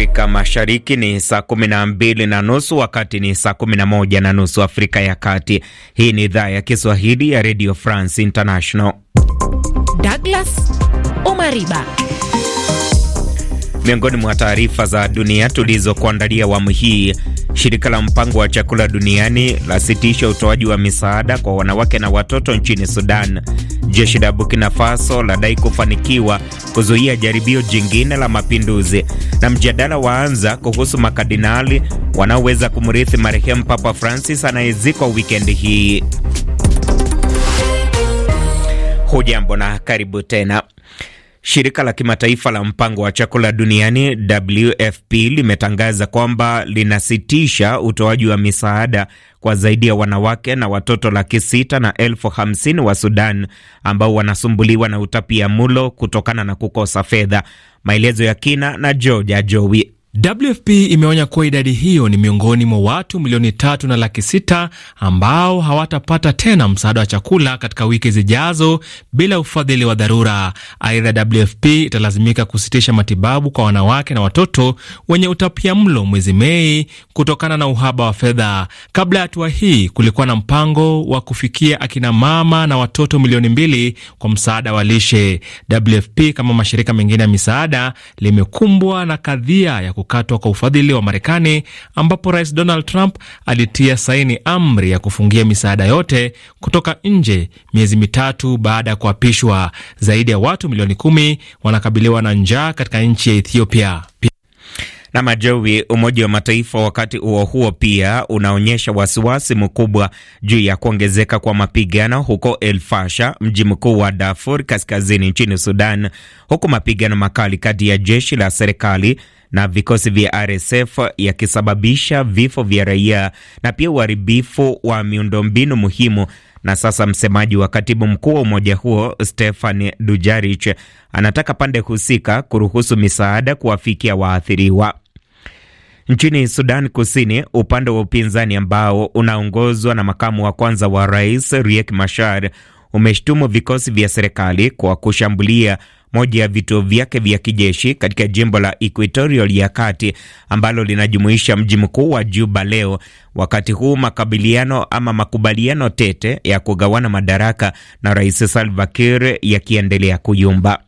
Afrika Mashariki ni saa kumi na mbili na nusu wakati ni saa kumi na moja na nusu Afrika ya Kati. Hii ni idhaa ya Kiswahili ya Radio France International. Douglas Omariba Miongoni mwa taarifa za dunia tulizokuandalia awamu hii, shirika la mpango wa chakula duniani lasitisha utoaji wa misaada kwa wanawake na watoto nchini Sudan. Jeshi la Burkina Faso ladai kufanikiwa kuzuia jaribio jingine la mapinduzi, na mjadala waanza kuhusu makardinali wanaoweza kumrithi marehemu Papa Francis anayezikwa wikendi hii. Hujambo na karibu tena. Shirika la kimataifa la mpango wa chakula duniani WFP limetangaza kwamba linasitisha utoaji wa misaada kwa zaidi ya wanawake na watoto laki sita na elfu hamsini wa Sudan ambao wanasumbuliwa na utapia mulo kutokana na kukosa fedha. Maelezo ya kina na Georgia Jowi. WFP imeonya kuwa idadi hiyo ni miongoni mwa watu milioni tatu na laki sita ambao hawatapata tena msaada wa chakula katika wiki zijazo bila ufadhili wa dharura. Aidha, WFP italazimika kusitisha matibabu kwa wanawake na watoto wenye utapia mlo mwezi Mei kutokana na uhaba wa fedha. Kabla ya hatua hii, kulikuwa na mpango wa kufikia akina mama na watoto milioni mbili kwa msaada wa lishe. WFP kama mashirika mengine ya misaada limekumbwa na kadhia ya kukatwa kwa ufadhili wa Marekani, ambapo Rais Donald Trump alitia saini amri ya kufungia misaada yote kutoka nje miezi mitatu baada ya kuapishwa. Zaidi ya watu milioni kumi wanakabiliwa na njaa katika nchi ya Ethiopia na majowi. Umoja wa Mataifa wakati huo huo pia unaonyesha wasiwasi mkubwa juu ya kuongezeka kwa mapigano huko El Fasha, mji mkuu wa Darfur Kaskazini nchini Sudan, huku mapigano makali kati ya jeshi la serikali na vikosi vya RSF yakisababisha vifo vya raia na pia uharibifu wa miundombinu muhimu. Na sasa msemaji wa katibu mkuu wa umoja huo Stefan Dujarric anataka pande husika kuruhusu misaada kuwafikia waathiriwa. Nchini Sudan Kusini, upande wa upinzani ambao unaongozwa na makamu wa kwanza wa rais Riek Machar umeshtumu vikosi vya serikali kwa kushambulia moja ya vituo vyake vya kijeshi katika jimbo la Equatorial ya Kati ambalo linajumuisha mji mkuu wa Juba leo, wakati huu makabiliano ama makubaliano tete ya kugawana madaraka na Rais Salva Kiir yakiendelea kuyumba.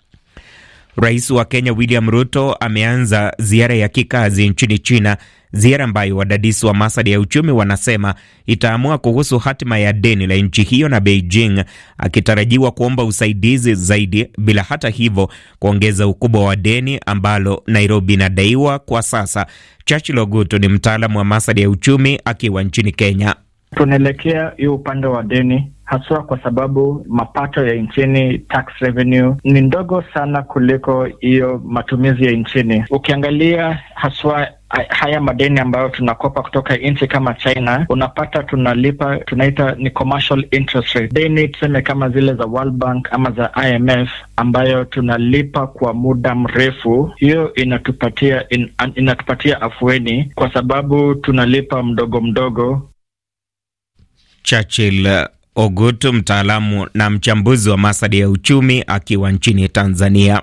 Rais wa Kenya William Ruto ameanza ziara ya kikazi nchini China ziara ambayo wadadisi wa masada ya uchumi wanasema itaamua kuhusu hatima ya deni la nchi hiyo, na Beijing akitarajiwa kuomba usaidizi zaidi, bila hata hivyo kuongeza ukubwa wa deni ambalo Nairobi inadaiwa kwa sasa. Churchill Ogutu ni mtaalamu wa masada ya uchumi akiwa nchini Kenya. Tunaelekea hiyo upande wa deni haswa kwa sababu mapato ya nchini tax revenue ni ndogo sana kuliko hiyo matumizi ya nchini. Ukiangalia haswa haya madeni ambayo tunakopa kutoka nchi kama China, unapata tunalipa, tunaita ni commercial interest rate deni, tuseme kama zile za World Bank ama za IMF ambayo tunalipa kwa muda mrefu. Hiyo inatupatia in, inatupatia afueni kwa sababu tunalipa mdogo mdogo Churchill Ogut, mtaalamu na mchambuzi wa masada ya uchumi akiwa nchini Tanzania.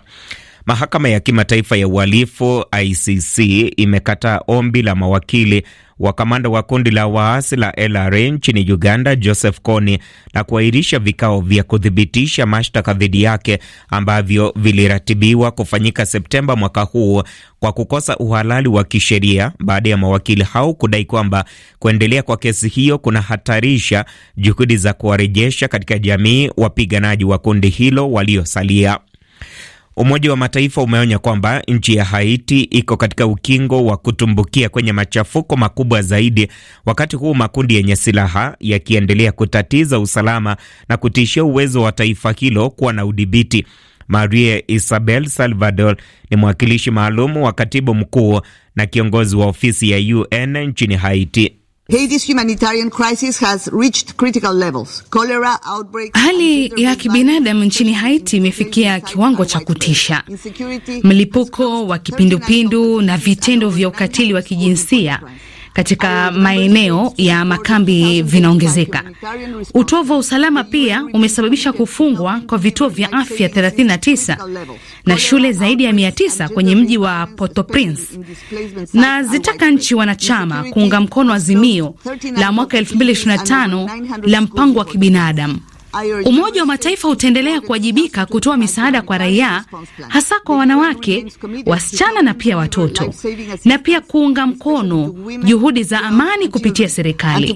Mahakama ya Kimataifa ya Uhalifu ICC imekataa ombi la mawakili wa kamanda wa kundi la waasi la LRA nchini Uganda, Joseph Kony, na kuahirisha vikao vya kuthibitisha mashtaka dhidi yake ambavyo viliratibiwa kufanyika Septemba mwaka huu kwa kukosa uhalali wa kisheria baada ya mawakili hao kudai kwamba kuendelea kwa kesi hiyo kunahatarisha juhudi za kuwarejesha katika jamii wapiganaji wa kundi hilo waliosalia. Umoja wa Mataifa umeonya kwamba nchi ya Haiti iko katika ukingo wa kutumbukia kwenye machafuko makubwa zaidi, wakati huu makundi yenye silaha yakiendelea kutatiza usalama na kutishia uwezo wa taifa hilo kuwa na udhibiti. marie Isabel Salvador ni mwakilishi maalum wa katibu mkuu na kiongozi wa ofisi ya UN nchini Haiti. Haiti's humanitarian crisis has reached critical levels. Cholera outbreak... Hali ya kibinadamu nchini Haiti imefikia kiwango cha kutisha. Mlipuko wa kipindupindu na vitendo vya ukatili wa kijinsia katika maeneo ya makambi vinaongezeka. Utovu wa usalama pia umesababisha kufungwa kwa vituo vya afya 39 na shule zaidi ya 900 kwenye mji wa Port-au-Prince. Na zitaka nchi wanachama kuunga mkono azimio la mwaka 2025 la mpango wa kibinadamu Umoja wa Mataifa utaendelea kuwajibika kutoa misaada kwa raia, hasa kwa wanawake, wasichana na pia watoto, na pia kuunga mkono juhudi za amani kupitia serikali.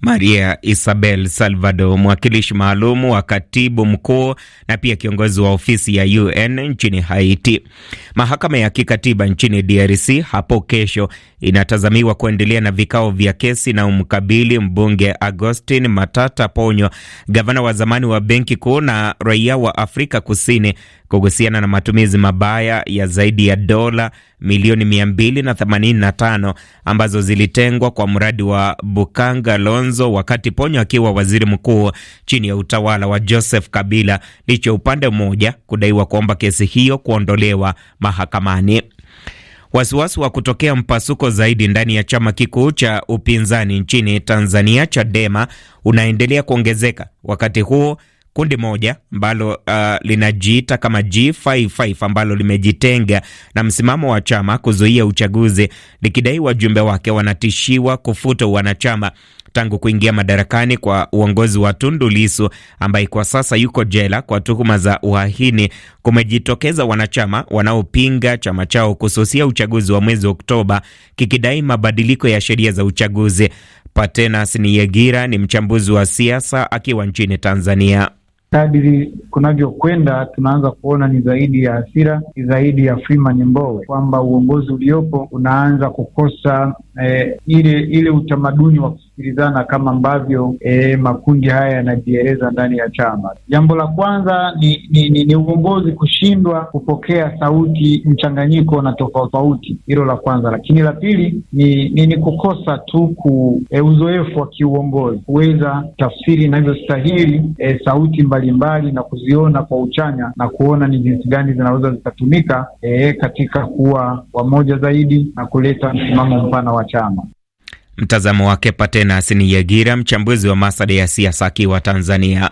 Maria Isabel Salvador, mwakilishi maalum wa katibu mkuu na pia kiongozi wa ofisi ya UN nchini Haiti. Mahakama ya kikatiba nchini DRC hapo kesho inatazamiwa kuendelea na vikao vya kesi na umkabili mbunge Augustin Matata Ponyo, gavana wa zamani wa benki kuu na raia wa Afrika Kusini kuhusiana na matumizi mabaya ya zaidi ya dola milioni 285 ambazo zilitengwa kwa mradi wa Bukanga Lonzo wakati Ponyo akiwa waziri mkuu chini ya utawala wa Joseph Kabila, licha upande mmoja kudaiwa kuomba kesi hiyo kuondolewa mahakamani. Wasiwasi wa kutokea mpasuko zaidi ndani ya chama kikuu cha upinzani nchini Tanzania, Chadema, unaendelea kuongezeka wakati huu kundi moja ambalo uh, linajiita kama G55 ambalo limejitenga na msimamo wa chama kuzuia uchaguzi likidai wajumbe wake wanatishiwa kufuta wanachama tangu kuingia madarakani kwa uongozi wa Tundu ambaye kwa sasa yuko jela kwa tuhuma za uhaini, kumejitokeza wanachama wanaopinga chama chao kususia uchaguzi wa mwezi Oktoba, kikidai mabadiliko ya sheria za uchaguzi. Patenas Niyegira ni mchambuzi wa siasa akiwa nchini Tanzania kadiri kunavyokwenda tunaanza kuona ni zaidi ya hasira, ni zaidi ya Freeman Mbowe, kwamba uongozi uliopo unaanza kukosa eh, ile ile utamaduni wa kusikilizana kama ambavyo eh, makundi haya yanajieleza ndani ya chama. Jambo la kwanza ni, ni, ni, ni uongozi kushindwa kupokea sauti mchanganyiko na tofauti, hilo la kwanza. Lakini la pili ni, ni, ni kukosa tu ku eh, uzoefu wa kiuongozi kuweza tafsiri inavyostahili eh, sauti mbalimbali mbali na kuziona kwa uchanya na kuona ni jinsi gani zinaweza zikatumika eh, katika kuwa wamoja zaidi na kuleta msimamo mpana wa chama. Mtazamo wake Patenas ni Yagira, mchambuzi wa masada ya siasa akiwa Tanzania.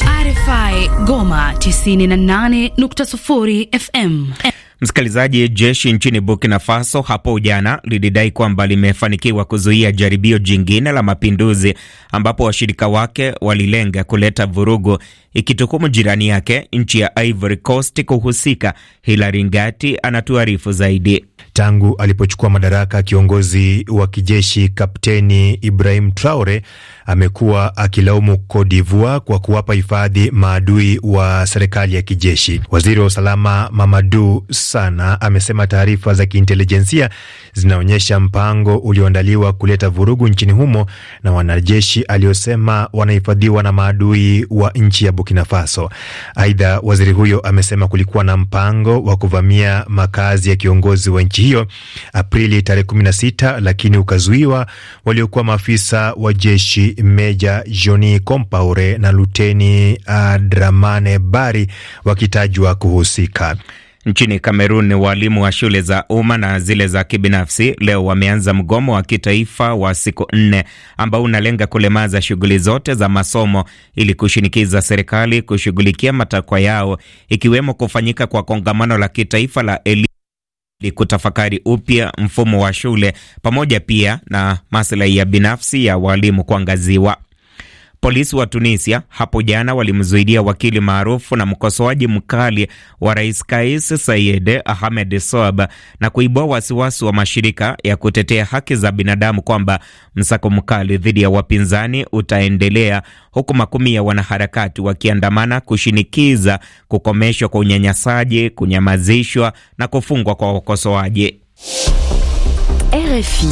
RFI Goma 98.0 FM. Msikilizaji, jeshi nchini Burkina Faso hapo jana lilidai kwamba limefanikiwa kuzuia jaribio jingine la mapinduzi ambapo washirika wake walilenga kuleta vurugu, ikitukumu jirani yake nchi ya Ivory Coast kuhusika. Hilari Ngati anatuarifu zaidi. Tangu alipochukua madaraka kiongozi wa kijeshi Kapteni Ibrahim Traore amekuwa akilaumu Cote d'Ivoire kwa kuwapa hifadhi maadui wa serikali ya kijeshi. Waziri wa usalama Mamadu Sana amesema taarifa za kiintelijensia zinaonyesha mpango ulioandaliwa kuleta vurugu nchini humo na wanajeshi aliosema wanahifadhiwa na maadui wa nchi ya Burkina Faso. Aidha, waziri huyo amesema kulikuwa na mpango wa kuvamia makazi ya kiongozi wa nchi hiyo Aprili tarehe 16 lakini ukazuiwa, waliokuwa maafisa wa jeshi Meja Joni Kompaure na Luteni uh, Dramane Bari wakitajwa kuhusika. Nchini Kamerun, walimu wa shule za umma na zile za kibinafsi leo wameanza mgomo wa kitaifa wa siku nne ambao unalenga kulemaza shughuli zote za masomo ili kushinikiza serikali kushughulikia matakwa yao ikiwemo kufanyika kwa kongamano la kitaifa la elimu ili kutafakari upya mfumo wa shule pamoja pia na maslahi ya binafsi ya walimu kuangaziwa. Polisi wa Tunisia hapo jana walimzuidia wakili maarufu na mkosoaji mkali wa rais Kais Saied Ahmed Soab na kuibua wasiwasi wa mashirika ya kutetea haki za binadamu kwamba msako mkali dhidi ya wapinzani utaendelea huku makumi ya wanaharakati wakiandamana kushinikiza kukomeshwa kwa unyanyasaji, kunyamazishwa na kufungwa kwa wakosoaji. RFI.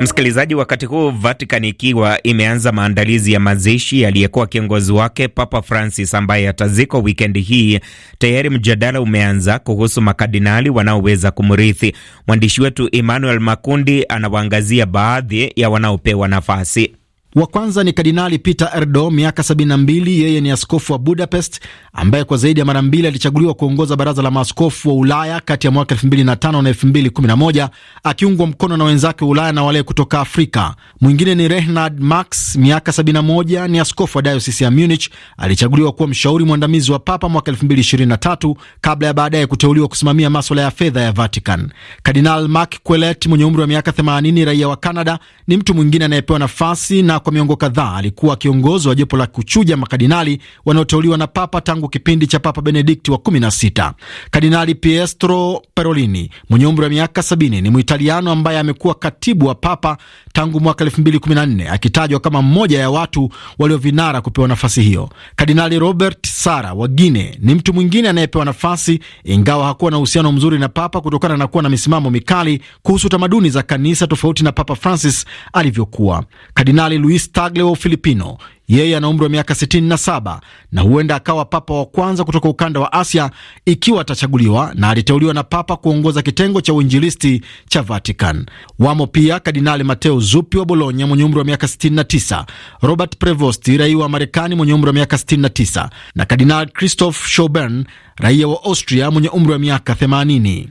Msikilizaji, wakati huu Vatican ikiwa imeanza maandalizi ya mazishi aliyekuwa kiongozi wake Papa Francis ambaye atazikwa wikendi hii, tayari mjadala umeanza kuhusu makardinali wanaoweza kumrithi. Mwandishi wetu Emmanuel Makundi anawaangazia baadhi ya wanaopewa nafasi. Wa kwanza ni Kardinali Peter Erdo, miaka 72. Yeye ni askofu wa Budapest ambaye kwa zaidi ya mara mbili alichaguliwa kuongoza baraza la maaskofu wa Ulaya kati ya mwaka 2005 na 2011, akiungwa mkono na wenzake wa Ulaya na wale kutoka Afrika. Mwingine ni Reinhard Marx, miaka 71, ni askofu wa diocese ya Munich. Alichaguliwa kuwa mshauri mwandamizi wa papa mwaka 2023 kabla ya baadaye kuteuliwa kusimamia maswala ya fedha ya Vatican. Kardinal Marc Ouellet mwenye umri wa miaka 80, raia wa Canada, ni mtu mwingine anayepewa nafasi na kwa miongo kadhaa alikuwa kiongozi wa jopo la kuchuja makadinali wanaoteuliwa na Papa tangu kipindi cha Papa Benedikti wa 16. Kardinali Pietro Parolini mwenye umri wa miaka 70 ni Mwitaliano ambaye amekuwa katibu wa Papa tangu mwaka 2014 akitajwa kama mmoja ya watu waliovinara kupewa nafasi hiyo. Kardinali Robert Sara wa guine ni mtu mwingine anayepewa nafasi, ingawa hakuwa na uhusiano mzuri na Papa kutokana na kuwa na misimamo mikali kuhusu tamaduni za kanisa, tofauti na Papa Francis alivyokuwa. Kardinali Luis Tagle wa Ufilipino yeye ana umri wa miaka 67 na huenda akawa papa wa kwanza kutoka ukanda wa Asia ikiwa atachaguliwa, na aliteuliwa na papa kuongoza kitengo cha uinjilisti cha Vatican. Wamo pia Kardinali Mateo Zuppi wa Bologna mwenye umri wa miaka 69, Robert Prevost raia wa Marekani mwenye umri wa miaka 69 na kardinal Christoph shobern raia wa Austria mwenye umri wa miaka 80.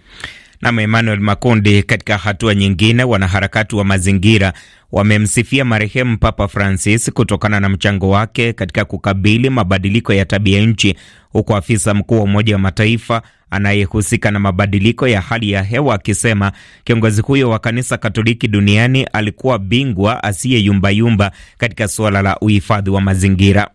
Nam Emmanuel Makundi. Katika hatua nyingine, wanaharakati wa mazingira wamemsifia marehemu Papa Francis kutokana na mchango wake katika kukabili mabadiliko ya tabia nchi, huku afisa mkuu wa Umoja wa Mataifa anayehusika na mabadiliko ya hali ya hewa akisema kiongozi huyo wa kanisa Katoliki duniani alikuwa bingwa asiyeyumbayumba katika suala la uhifadhi wa mazingira.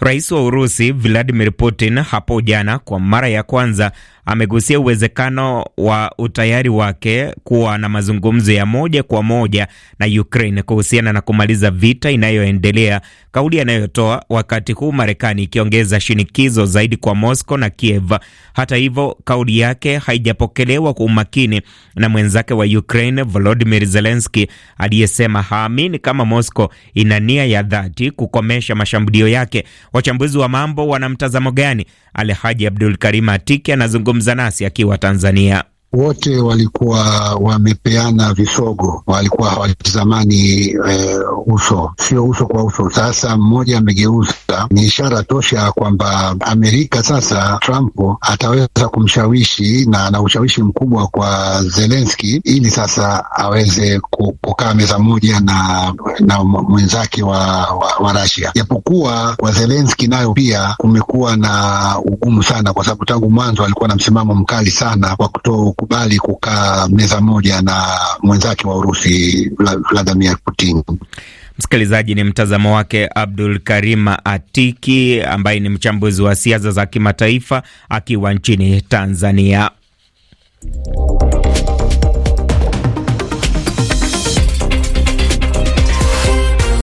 Rais wa Urusi Vladimir Putin hapo jana kwa mara ya kwanza amegusia uwezekano wa utayari wake kuwa na mazungumzo ya moja kwa moja na Ukraine kuhusiana na kumaliza vita inayoendelea, kauli anayotoa wakati huu Marekani ikiongeza shinikizo zaidi kwa Moscow na Kiev. Hata hivyo, kauli yake haijapokelewa kwa umakini na mwenzake wa Ukraine Volodymyr Zelensky aliyesema haamini kama Moscow ina nia ya dhati kukomesha mashambulio yake. Wachambuzi wa mambo wana mtazamo gani? Alhaji Abdul Karim Atiki anazungumza akizungumza nasi akiwa Tanzania wote walikuwa wamepeana visogo, walikuwa hawatizamani e, uso, sio uso kwa uso. Sasa mmoja amegeuza, ni ishara tosha kwamba Amerika sasa, Trump ataweza kumshawishi na ana ushawishi mkubwa kwa Zelenski ili sasa aweze kukaa meza moja na, na mwenzake wa, wa, wa Rasia, japokuwa kwa Zelenski nayo pia kumekuwa na ugumu sana, kwa sababu tangu mwanzo alikuwa na msimamo mkali sana wa kuto kukubali kukaa meza moja na mwenzake wa Urusi Vladimir Putin. Msikilizaji, ni mtazamo wake Abdul Karima Atiki ambaye ni mchambuzi wa siasa za kimataifa akiwa nchini Tanzania.